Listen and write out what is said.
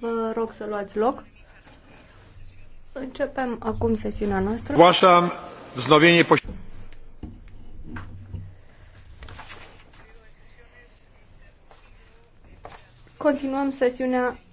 Vă rog să luați loc. Începem acum sesiunea noastră. Vașa poș- Continuăm sesiunea